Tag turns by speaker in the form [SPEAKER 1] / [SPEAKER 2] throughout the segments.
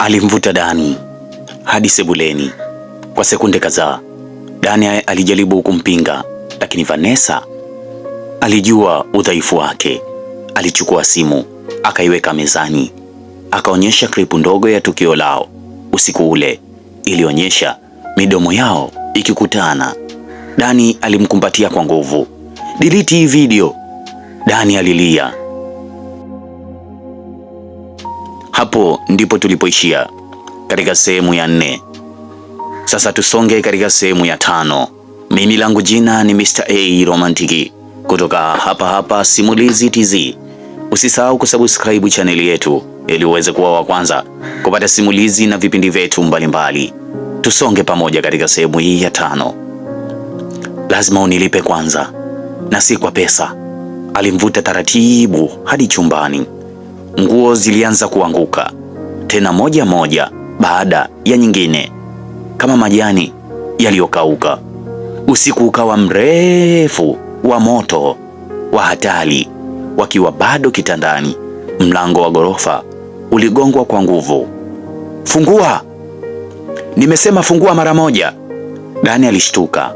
[SPEAKER 1] Alimvuta Dani hadi sebuleni. Kwa sekunde kadhaa, Dani alijaribu kumpinga, lakini Vanessa alijua udhaifu wake. Alichukua simu akaiweka mezani, akaonyesha klipu ndogo ya tukio lao usiku ule. Ilionyesha midomo yao ikikutana. Dani alimkumbatia kwa nguvu. Delete hii video, Dani alilia. Hapo ndipo tulipoishia katika sehemu ya nne. Sasa tusonge katika sehemu ya tano. Mimi langu jina ni Mr. A Romantiki kutoka hapa hapa Simulizi Tz. Usisahau kusubscribe chaneli yetu ili uweze kuwa wa kwanza kupata simulizi na vipindi vyetu mbalimbali. Tusonge pamoja katika sehemu hii ya tano. Lazima unilipe kwanza, na si kwa pesa. Alimvuta taratibu hadi chumbani. Nguo zilianza kuanguka tena moja moja baada ya nyingine kama majani yaliyokauka. Usiku ukawa mrefu wa moto wa hatari. Wakiwa bado kitandani, mlango wa ghorofa uligongwa kwa nguvu. Fungua! Nimesema fungua mara moja! Dani alishtuka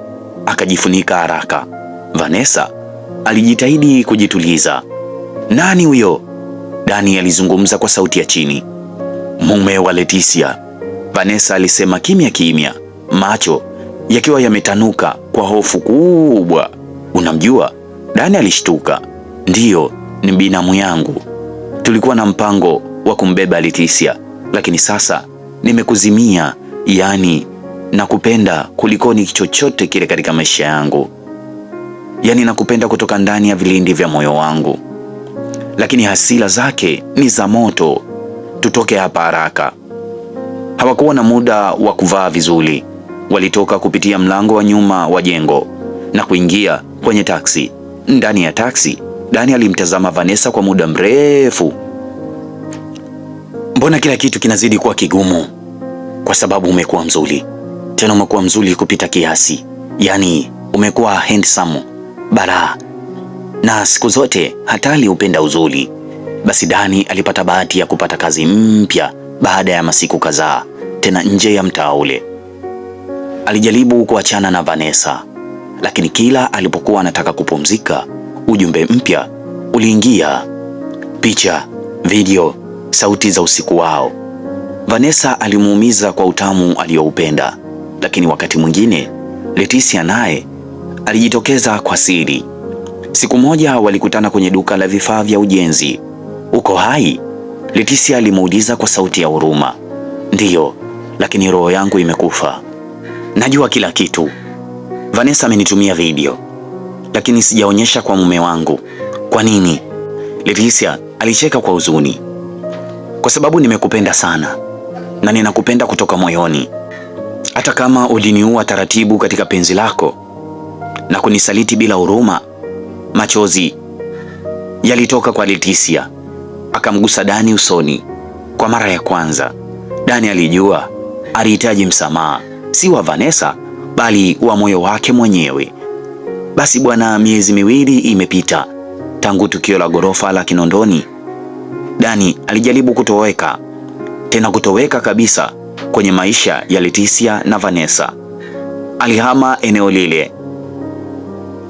[SPEAKER 1] akajifunika haraka. Vanessa alijitahidi kujituliza. Nani huyo? Dani alizungumza kwa sauti ya chini. Mume wa Leticia, Vanessa alisema kimya kimya, macho yakiwa yametanuka kwa hofu kubwa. Unamjua? Dani alishtuka. Ndiyo, ni binamu yangu. Tulikuwa na mpango wa kumbeba Leticia, lakini sasa nimekuzimia, yaani nakupenda kuliko ni chochote kile katika maisha yangu, yaani nakupenda kutoka ndani ya vilindi vya moyo wangu lakini hasira zake ni za moto. Tutoke hapa haraka. Hawakuwa na muda wa kuvaa vizuri. Walitoka kupitia mlango wa nyuma wa jengo na kuingia kwenye taksi. Ndani ya taksi, Dani alimtazama Vanessa kwa muda mrefu. Mbona kila kitu kinazidi kuwa kigumu? Kwa sababu umekuwa mzuri, tena umekuwa mzuri kupita kiasi, yaani umekuwa handsome baraa na siku zote hata hupenda uzuri. Basi Dani alipata bahati ya kupata kazi mpya baada ya masiku kadhaa, tena nje ya mtaa ule. Alijaribu kuachana na Vanessa, lakini kila alipokuwa anataka kupumzika, ujumbe mpya uliingia: picha, video, sauti za usiku wao. Vanessa alimuumiza kwa utamu aliyoupenda, lakini wakati mwingine Leticia naye alijitokeza kwa siri Siku moja walikutana kwenye duka la vifaa vya ujenzi. Uko hai? Leticia alimuuliza kwa sauti ya huruma. Ndiyo, lakini roho yangu imekufa. Najua kila kitu. Vanessa amenitumia video, lakini sijaonyesha kwa mume wangu. Kwa nini? Leticia alicheka kwa huzuni. Kwa sababu nimekupenda sana na ninakupenda kutoka moyoni, hata kama uliniua taratibu katika penzi lako na kunisaliti bila huruma. Machozi yalitoka kwa Leticia, akamgusa Dani usoni kwa mara ya kwanza. Dani alijua alihitaji msamaha, si wa Vanessa, bali wa moyo wake mwenyewe. Basi bwana, miezi miwili imepita tangu tukio la ghorofa la Kinondoni. Dani alijaribu kutoweka tena, kutoweka kabisa kwenye maisha ya Leticia na Vanessa. Alihama eneo lile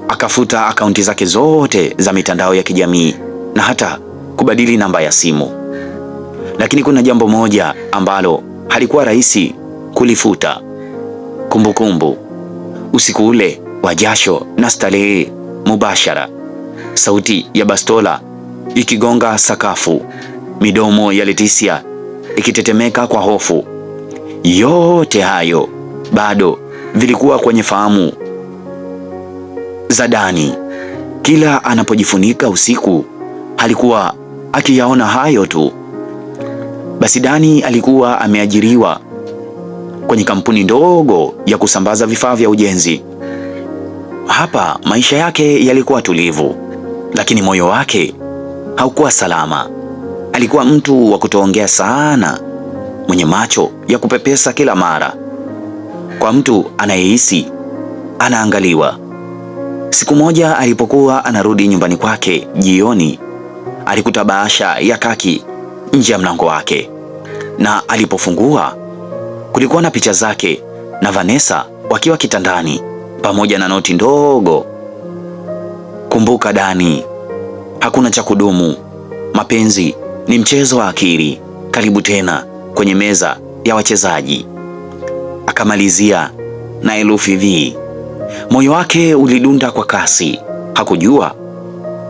[SPEAKER 1] akafuta akaunti zake zote za mitandao ya kijamii na hata kubadili namba ya simu. Lakini kuna jambo moja ambalo halikuwa rahisi kulifuta, kumbukumbu, usiku ule wa jasho na starehe mubashara, sauti ya bastola ikigonga sakafu, midomo ya Leticia ikitetemeka kwa hofu. Yote hayo bado vilikuwa kwenye fahamu za Dani. Kila anapojifunika usiku alikuwa akiyaona hayo tu. Basi Dani alikuwa ameajiriwa kwenye kampuni ndogo ya kusambaza vifaa vya ujenzi. Hapa maisha yake yalikuwa tulivu, lakini moyo wake haukuwa salama. Alikuwa mtu wa kutoongea sana, mwenye macho ya kupepesa kila mara, kwa mtu anayehisi anaangaliwa. Siku moja alipokuwa anarudi nyumbani kwake jioni, alikuta bahasha ya kaki nje ya mlango wake, na alipofungua kulikuwa na picha zake na Vanessa wakiwa kitandani pamoja na noti ndogo. Kumbuka Dani, hakuna cha kudumu. Mapenzi ni mchezo wa akili. Karibu tena kwenye meza ya wachezaji, akamalizia na herufi vii. Moyo wake ulidunda kwa kasi. Hakujua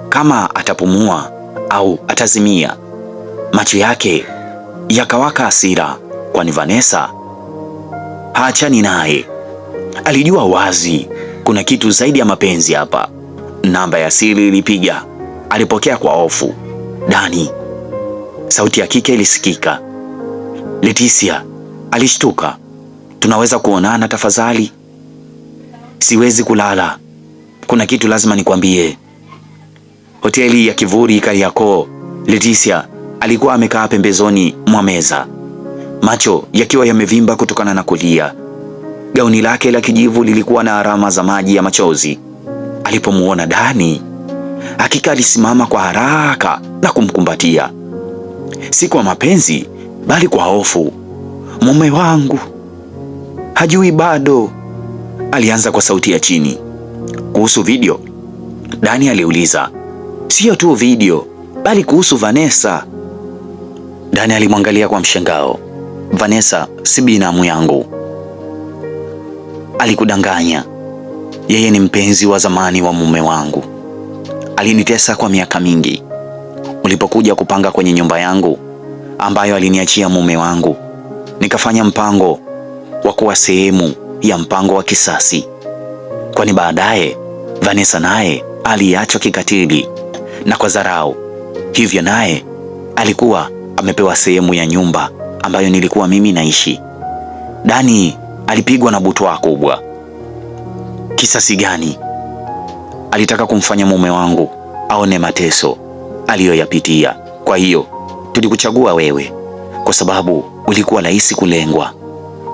[SPEAKER 1] kama atapumua au atazimia. Macho yake yakawaka hasira, kwani Vanessa haachani naye. Alijua wazi kuna kitu zaidi ya mapenzi hapa. Namba ya siri ilipiga, alipokea kwa hofu. Dani, sauti ya kike ilisikika. Leticia alishtuka. tunaweza kuonana tafadhali? siwezi kulala, kuna kitu lazima nikwambie. Hoteli ya Kivuli Kariakoo, Leticia alikuwa amekaa pembezoni mwa meza, macho yakiwa yamevimba kutokana na kulia. Gauni lake la kijivu lilikuwa na alama za maji ya machozi. Alipomuona Dani, hakika alisimama kwa haraka na kumkumbatia, si kwa mapenzi, bali kwa hofu. Mume wangu hajui bado alianza kwa sauti ya chini. Kuhusu video, Dani aliuliza. Sio tu video, bali kuhusu Vanessa. Dani alimwangalia kwa mshangao. Vanessa si binamu yangu. Alikudanganya. Yeye ni mpenzi wa zamani wa mume wangu. Alinitesa kwa miaka mingi. Ulipokuja kupanga kwenye nyumba yangu ambayo aliniachia mume wangu, nikafanya mpango wa kuwa sehemu ya mpango wa kisasi, kwani baadaye Vanessa naye aliachwa kikatili na kwa dharau, hivyo naye alikuwa amepewa sehemu ya nyumba ambayo nilikuwa mimi naishi. Dani alipigwa na butwaa kubwa. Kisasi gani? Alitaka kumfanya mume wangu aone mateso aliyoyapitia. Kwa hiyo tulikuchagua wewe kwa sababu ulikuwa rahisi kulengwa,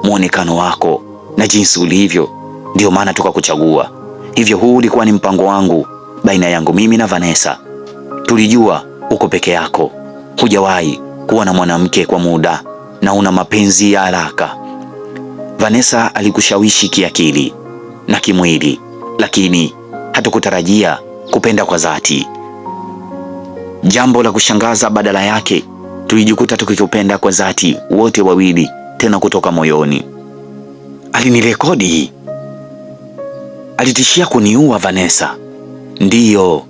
[SPEAKER 1] mwonekano wako na jinsi ulivyo, ndiyo maana tukakuchagua. Hivyo huu ulikuwa ni mpango wangu baina yangu mimi na Vanessa. Tulijua uko peke yako, hujawahi kuwa na mwanamke kwa muda na una mapenzi ya haraka. Vanessa alikushawishi kiakili na kimwili, lakini hatukutarajia kupenda kwa dhati. Jambo la kushangaza, badala yake tulijikuta tukikupenda kwa dhati wote wawili, tena kutoka moyoni alinirekodi. Alitishia kuniua Vanessa. Ndiyo,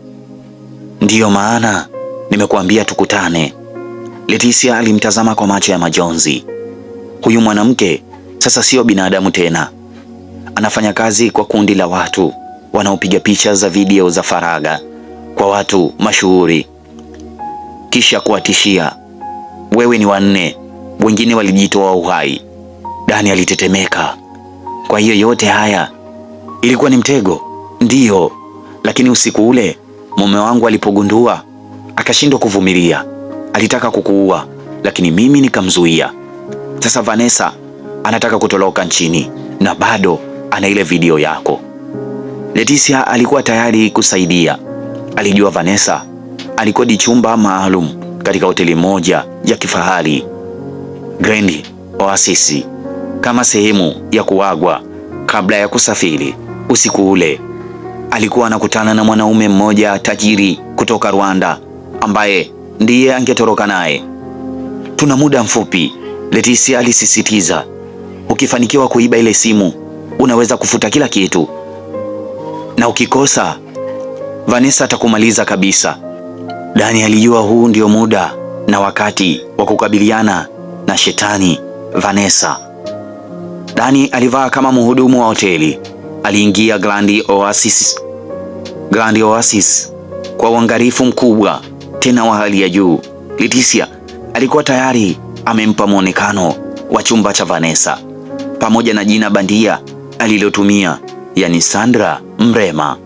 [SPEAKER 1] ndiyo maana nimekuambia tukutane. Leticia alimtazama kwa macho ya majonzi. Huyu mwanamke sasa sio binadamu tena, anafanya kazi kwa kundi la watu wanaopiga picha za video za faragha kwa watu mashuhuri, kisha kuwatishia, wewe ni wanne, wengine walijitoa uhai. Dani alitetemeka. Kwa hiyo yote haya ilikuwa ni mtego, ndiyo. Lakini usiku ule mume wangu alipogundua, akashindwa kuvumilia, alitaka kukuua, lakini mimi nikamzuia. Sasa Vanessa anataka kutoroka nchini na bado ana ile video yako. Leticia alikuwa tayari kusaidia. Alijua Vanessa alikodi chumba maalum katika hoteli moja ya kifahari Grand Oasis kama sehemu ya kuagwa kabla ya kusafiri. Usiku ule alikuwa anakutana na mwanaume mmoja tajiri kutoka Rwanda ambaye ndiye angetoroka naye. Tuna muda mfupi, Leticia alisisitiza. Ukifanikiwa kuiba ile simu, unaweza kufuta kila kitu, na ukikosa, Vanessa atakumaliza kabisa. Dani alijua huu ndio muda na wakati wa kukabiliana na shetani Vanessa. Dani alivaa kama mhudumu wa hoteli. Aliingia Grand Oasis, Grand Oasis kwa uangalifu mkubwa tena wa hali ya juu. Leticia alikuwa tayari amempa mwonekano wa chumba cha Vanessa pamoja na jina bandia alilotumia, yani Sandra Mrema.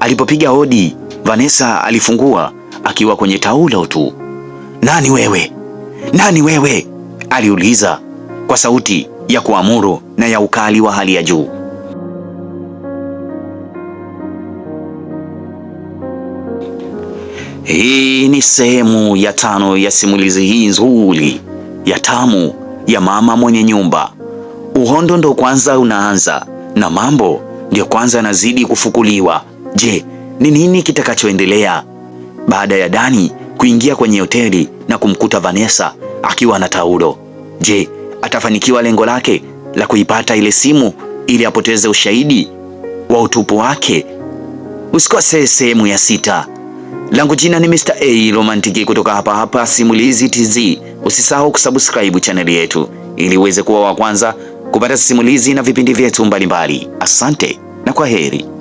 [SPEAKER 1] Alipopiga hodi, Vanessa alifungua akiwa kwenye taulo tu. Nani wewe? Nani wewe? aliuliza kwa sauti ya kuamuru na ya ukali wa hali ya juu. Hii ni sehemu ya tano ya simulizi hii nzuri ya tamu ya mama mwenye nyumba. Uhondo ndo kwanza unaanza na mambo ndio kwanza yanazidi kufukuliwa. Je, ni nini kitakachoendelea baada ya Dani kuingia kwenye hoteli na kumkuta Vanessa akiwa na taulo? Je, atafanikiwa lengo lake la kuipata ile simu ili apoteze ushahidi wa utupu wake. Usikose sehemu ya sita. Langu jina ni Mr. A romantic kutoka hapa hapa Simulizi TZ. Usisahau kusubscribe chaneli yetu ili uweze kuwa wa kwanza kupata simulizi na vipindi vyetu mbalimbali. Asante na kwa heri.